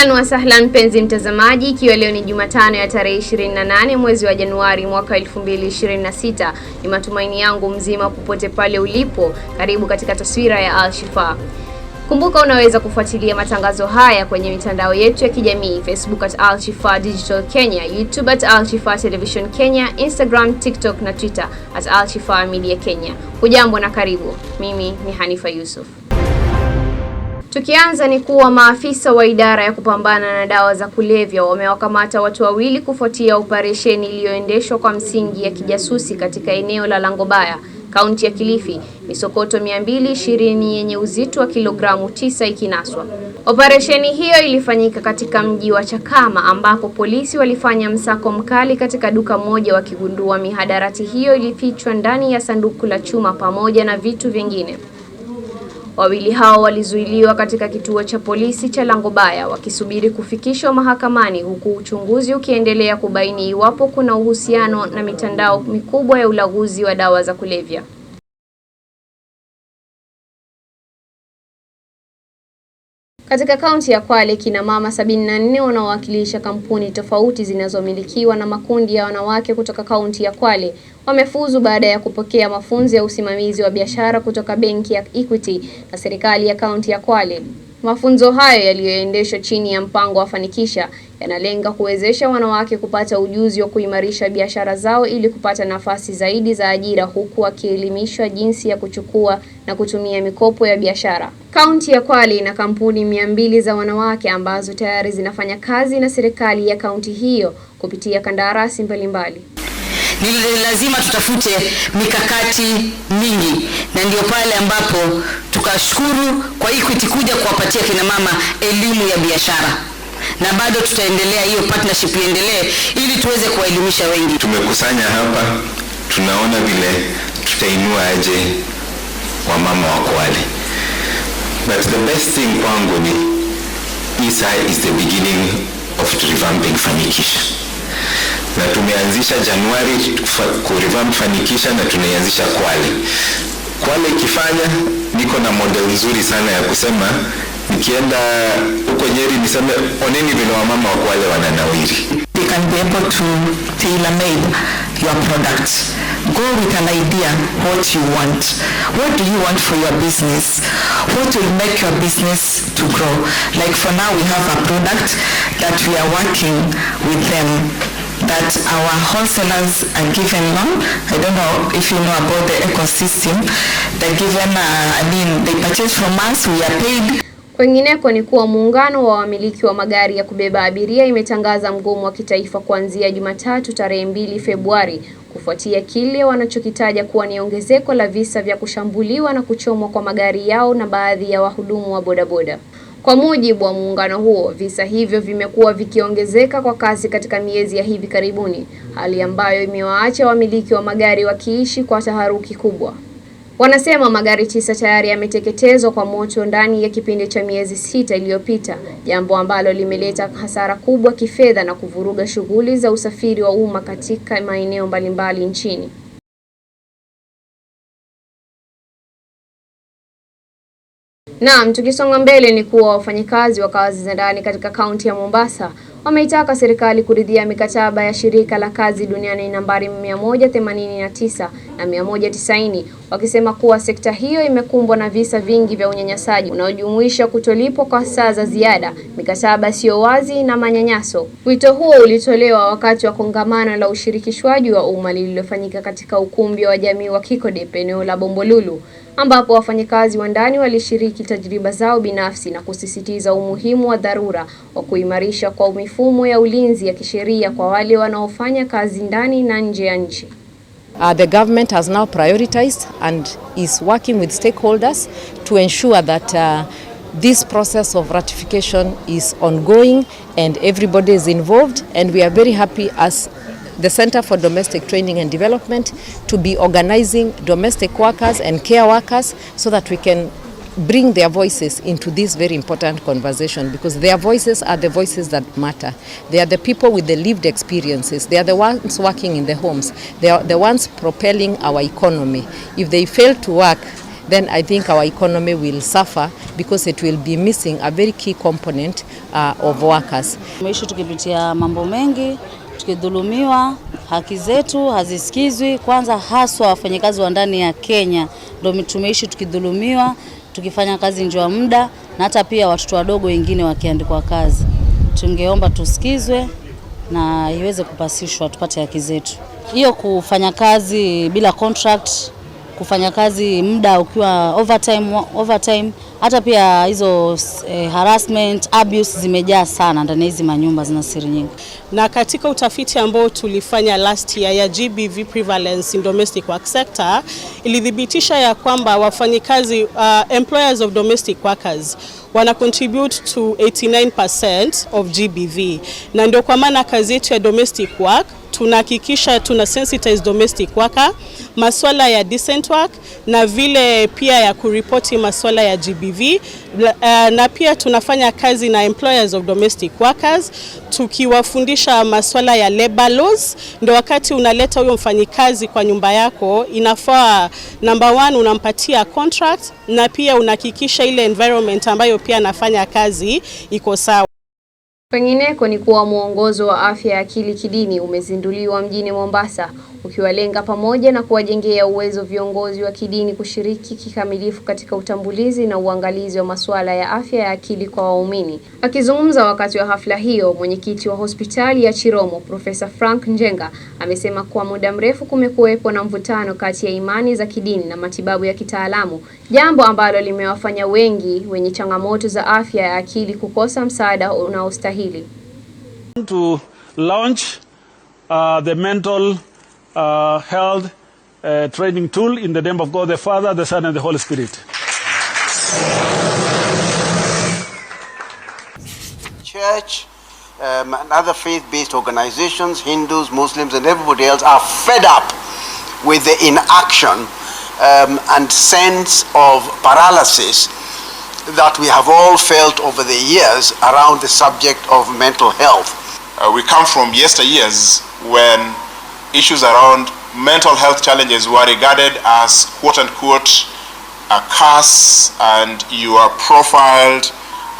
Ahlan wa sahlan mpenzi mtazamaji, ikiwa leo ni Jumatano ya tarehe 28 mwezi wa Januari mwaka 2026, ni matumaini yangu mzima popote pale ulipo. Karibu katika taswira ya Alshifa. Kumbuka unaweza kufuatilia matangazo haya kwenye mitandao yetu ya kijamii Facebook at Alshifa Digital Kenya, YouTube at Alshifa Television Kenya, Instagram, TikTok na Twitter at Alshifa Media Kenya. Hujambo na karibu, mimi ni Hanifa Yusuf. Tukianza ni kuwa maafisa wa idara ya kupambana na dawa za kulevya wamewakamata watu wawili kufuatia operesheni iliyoendeshwa kwa msingi ya kijasusi katika eneo la Langobaya, kaunti ya Kilifi, misokoto 220 yenye uzito wa kilogramu 9 ikinaswa. Operesheni hiyo ilifanyika katika mji wa Chakama ambapo polisi walifanya msako mkali katika duka moja wakigundua mihadarati hiyo ilifichwa ndani ya sanduku la chuma pamoja na vitu vingine. Wawili hao walizuiliwa katika kituo cha polisi cha Langobaya wakisubiri kufikishwa mahakamani huku uchunguzi ukiendelea kubaini iwapo kuna uhusiano na mitandao mikubwa ya ulaguzi wa dawa za kulevya. Katika kaunti ya Kwale, kina mama 74 wanaowakilisha kampuni tofauti zinazomilikiwa na makundi ya wanawake kutoka kaunti ya Kwale wamefuzu baada ya kupokea mafunzo ya usimamizi wa biashara kutoka benki ya Equity na serikali ya kaunti ya Kwale. Mafunzo hayo yaliyoendeshwa chini ya mpango wa Fanikisha yanalenga kuwezesha wanawake kupata ujuzi wa kuimarisha biashara zao ili kupata nafasi zaidi za ajira huku wakielimishwa jinsi ya kuchukua na kutumia mikopo ya biashara. Kaunti ya Kwale ina kampuni mia mbili za wanawake ambazo tayari zinafanya kazi na serikali ya kaunti hiyo kupitia kandarasi mbalimbali. Ni lazima tutafute mikakati mingi, na ndio pale ambapo tukashukuru kwa Equity kuja kuwapatia kinamama elimu ya biashara na bado tutaendelea hiyo partnership iendelee, ili tuweze kuwaelimisha wengi. Tumekusanya hapa, tunaona vile tutainua aje wa mama wa Kwale, but the best thing kwangu ni ISA is the beginning of revamping Fanikisha, na tumeanzisha Januari kurevamp Fanikisha na tunaianzisha Kwale. Kwale ikifanya, niko na model nzuri sana ya kusema nikienda huko Nyeri niseme oneni vile wamama wako wale wananawiri. They can be able to tailor made your product. Go with an idea what you want. What do you want for your business? What will make your business to grow? Like for now we have a product that we are working with them that our wholesalers are given now. I don't know if you know about the ecosystem. They're given, uh, I mean, they purchase from us, we are paid. Kwengineko ni kuwa muungano wa wamiliki wa magari ya kubeba abiria imetangaza mgomo wa kitaifa kuanzia Jumatatu tarehe mbili Februari kufuatia kile wanachokitaja kuwa ni ongezeko la visa vya kushambuliwa na kuchomwa kwa magari yao na baadhi ya wahudumu wa bodaboda. Kwa mujibu wa muungano huo, visa hivyo vimekuwa vikiongezeka kwa kasi katika miezi ya hivi karibuni, hali ambayo imewaacha wamiliki wa magari wakiishi kwa taharuki kubwa. Wanasema magari tisa tayari yameteketezwa kwa moto ndani ya kipindi cha miezi sita iliyopita, jambo ambalo limeleta hasara kubwa kifedha na kuvuruga shughuli za usafiri wa umma katika maeneo mbalimbali nchini. Naam, tukisonga mbele ni kuwa wafanyakazi wa kazi za ndani katika kaunti ya Mombasa wameitaka serikali kuridhia mikataba ya shirika la kazi duniani nambari 189 na 190, wakisema kuwa sekta hiyo imekumbwa na visa vingi vya unyanyasaji unaojumuisha kutolipwa kwa saa za ziada, mikataba siyo wazi na manyanyaso. Wito huo ulitolewa wakati wa kongamano la ushirikishwaji wa umma lililofanyika katika ukumbi wa jamii wa Kikodep eneo la Bombolulu ambapo wafanyakazi wa ndani walishiriki tajriba zao binafsi na kusisitiza umuhimu wa dharura wa kuimarisha kwa mifumo ya ulinzi ya kisheria kwa wale wanaofanya kazi ndani na nje ya nchi. Uh, the government has now prioritized and is working with stakeholders to ensure that uh, this process of ratification is ongoing and everybody is involved and we are very happy as the Center for Domestic Training and Development to be organizing domestic workers and care workers so that we can bring their voices into this very important conversation because their voices are the voices that matter. They are the people with the lived experiences. They are the ones working in the homes. They are the ones propelling our economy. If they fail to work, then I think our economy will suffer because it will be missing a very key component uh, of workers. Tumeishi tukipitia mambo mengi tukidhulumiwa, haki zetu hazisikizwi, kwanza haswa wafanyakazi wa ndani ya Kenya ndio tumeishi tukidhulumiwa, tukifanya kazi nje ya muda, na hata pia watoto wadogo wengine wakiandikwa kazi. Tungeomba tusikizwe na iweze kupasishwa tupate haki zetu. Hiyo kufanya kazi bila contract, kufanya kazi muda ukiwa overtime, overtime hata pia hizo eh, harassment abuse zimejaa sana ndani hizi manyumba, zina siri nyingi. Na katika utafiti ambao tulifanya last year ya GBV prevalence in domestic work sector ilithibitisha ya kwamba wafanyikazi uh, employers of domestic workers wana contribute to 89% of GBV, na ndio kwa maana kazi yetu ya domestic work tunahakikisha tuna sensitize domestic worker masuala ya decent work na vile pia ya kuripoti masuala ya GBV eh, na pia tunafanya kazi na employers of domestic workers tukiwafundisha masuala ya labor laws. Ndio wakati unaleta huyo mfanyikazi kwa nyumba yako, inafaa number one unampatia contract na pia unahakikisha ile environment ambayo pia anafanya kazi iko sawa. Kwengineko ni kuwa mwongozo wa afya ya akili kidini umezinduliwa mjini Mombasa ukiwalenga pamoja na kuwajengea uwezo viongozi wa kidini kushiriki kikamilifu katika utambulizi na uangalizi wa masuala ya afya ya akili kwa waumini. Akizungumza wakati wa hafla hiyo, mwenyekiti wa hospitali ya Chiromo, Profesa Frank Njenga, amesema kwa muda mrefu kumekuwepo na mvutano kati ya imani za kidini na matibabu ya kitaalamu, jambo ambalo limewafanya wengi wenye changamoto za afya ya akili kukosa msaada unaostahili. To launch, uh, the mental uh, held a training tool in the name of God the Father, the Son, and the Holy Spirit. Church um, and other faith based organizations, Hindus, Muslims, and everybody else are fed up with the inaction um, and sense of paralysis that we have all felt over the years around the subject of mental health. Uh, we come from yesteryears when issues around mental health challenges were regarded as quote unquote a curse and you are profiled.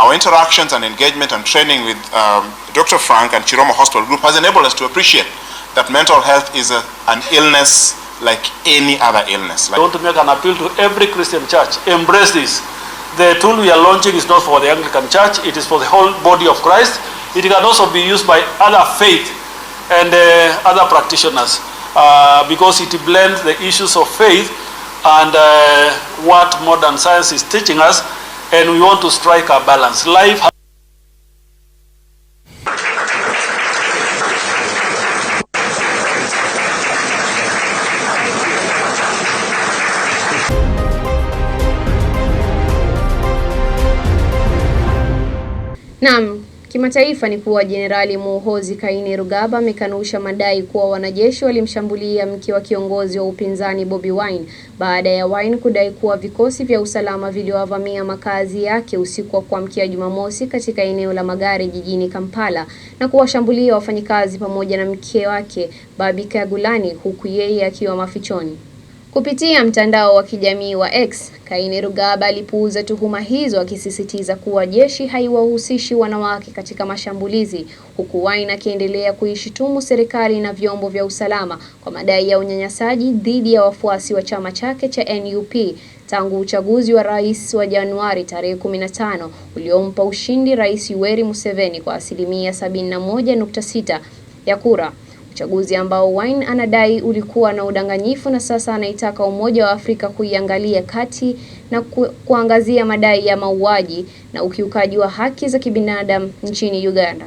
Our interactions and engagement and training with um, Dr. Frank and Chiroma Hospital Group has enabled us to appreciate that mental health is a, an illness like any other illness. Like I want to make an appeal to every Christian church. Embrace this. The tool we are launching is not for the Anglican church, it is for the whole body of Christ. It can also be used by other faith and uh, other practitioners uh, because it blends the issues of faith and uh, what modern science is teaching us and we want to strike a balance. Life Naam, Kimataifa ni kuwa Jenerali Muhoozi Kainerugaba amekanusha madai kuwa wanajeshi walimshambulia mke wa kiongozi wa upinzani Bobi Wine baada ya Wine kudai kuwa vikosi vya usalama viliwavamia makazi yake usiku wa kuamkia Jumamosi katika eneo la Magare jijini Kampala na kuwashambulia wafanyikazi pamoja na mke wake Barbie Kyagulanyi huku yeye akiwa mafichoni. Kupitia mtandao wa kijamii wa X, Kainerugaba alipuuza tuhuma hizo akisisitiza kuwa jeshi haiwahusishi wanawake katika mashambulizi, huku Wine akiendelea kuishitumu serikali na vyombo vya usalama kwa madai ya unyanyasaji dhidi ya wafuasi wa chama chake cha NUP tangu uchaguzi wa rais wa Januari tarehe 15 uliompa ushindi Rais Yoweri Museveni kwa asilimia 71.6 ya kura uchaguzi ambao Wine anadai ulikuwa na udanganyifu na sasa anaitaka Umoja wa Afrika kuiangalia kati na ku, kuangazia madai ya mauaji na ukiukaji wa haki za kibinadamu nchini Uganda.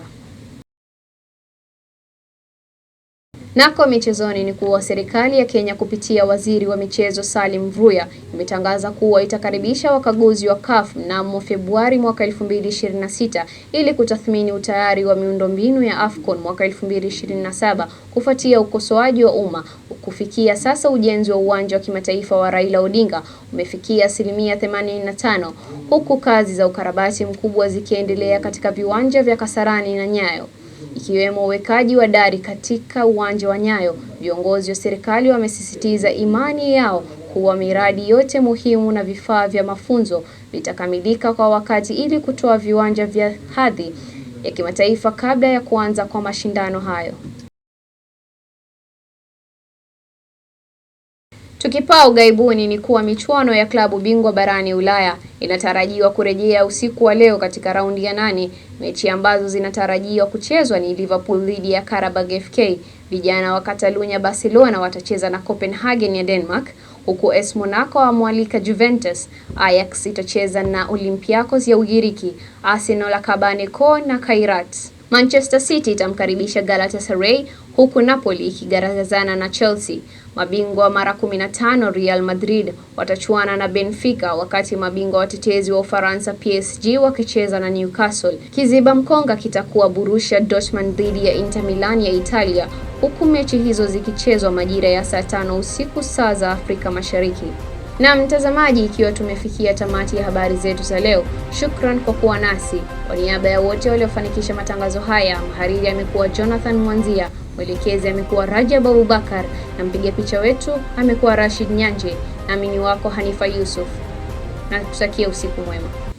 Nako michezoni ni kuwa serikali ya Kenya kupitia waziri wa michezo Salim Mvurya imetangaza kuwa itakaribisha wakaguzi wa CAF mnamo Februari mwaka 2026 ili kutathmini utayari wa miundombinu ya AFCON mwaka 2027 kufuatia ukosoaji wa umma. Kufikia sasa ujenzi wa uwanja wa kimataifa wa Raila Odinga umefikia asilimia 85 huku kazi za ukarabati mkubwa zikiendelea katika viwanja vya Kasarani na Nyayo ikiwemo uwekaji wa dari katika uwanja wa Nyayo, viongozi wa serikali wamesisitiza imani yao kuwa miradi yote muhimu na vifaa vya mafunzo vitakamilika kwa wakati ili kutoa viwanja vya hadhi ya kimataifa kabla ya kuanza kwa mashindano hayo. Tukipaa ughaibuni ni kuwa michuano ya klabu bingwa barani Ulaya inatarajiwa kurejea usiku wa leo katika raundi ya nane. Mechi ambazo zinatarajiwa kuchezwa ni Liverpool dhidi ya Karabag FK, vijana wa Catalunya Barcelona watacheza na Copenhagen ya Denmark, huku AS Monaco wamwalika Juventus, Ajax itacheza na Olympiacos ya Ugiriki, Arsenal akabane ko na Kairat. Manchester City itamkaribisha Galatasaray huku Napoli ikigarazana na Chelsea. Mabingwa mara 15 Real Madrid watachuana na Benfica, wakati mabingwa watetezi wa Ufaransa PSG wakicheza na Newcastle. Kiziba mkonga kitakuwa Borussia Dortmund dhidi ya Inter Milan ya Italia, huku mechi hizo zikichezwa majira ya saa tano usiku saa za Afrika Mashariki. Na mtazamaji, ikiwa tumefikia tamati ya habari zetu za leo, shukran kwa kuwa nasi. Kwa niaba ya wote waliofanikisha matangazo haya, mhariri amekuwa Jonathan Mwanzia, mwelekezi amekuwa Rajab Abubakar na mpiga picha wetu amekuwa Rashid Nyanje, na mimi wako Hanifa Yusuf na kutakia usiku mwema.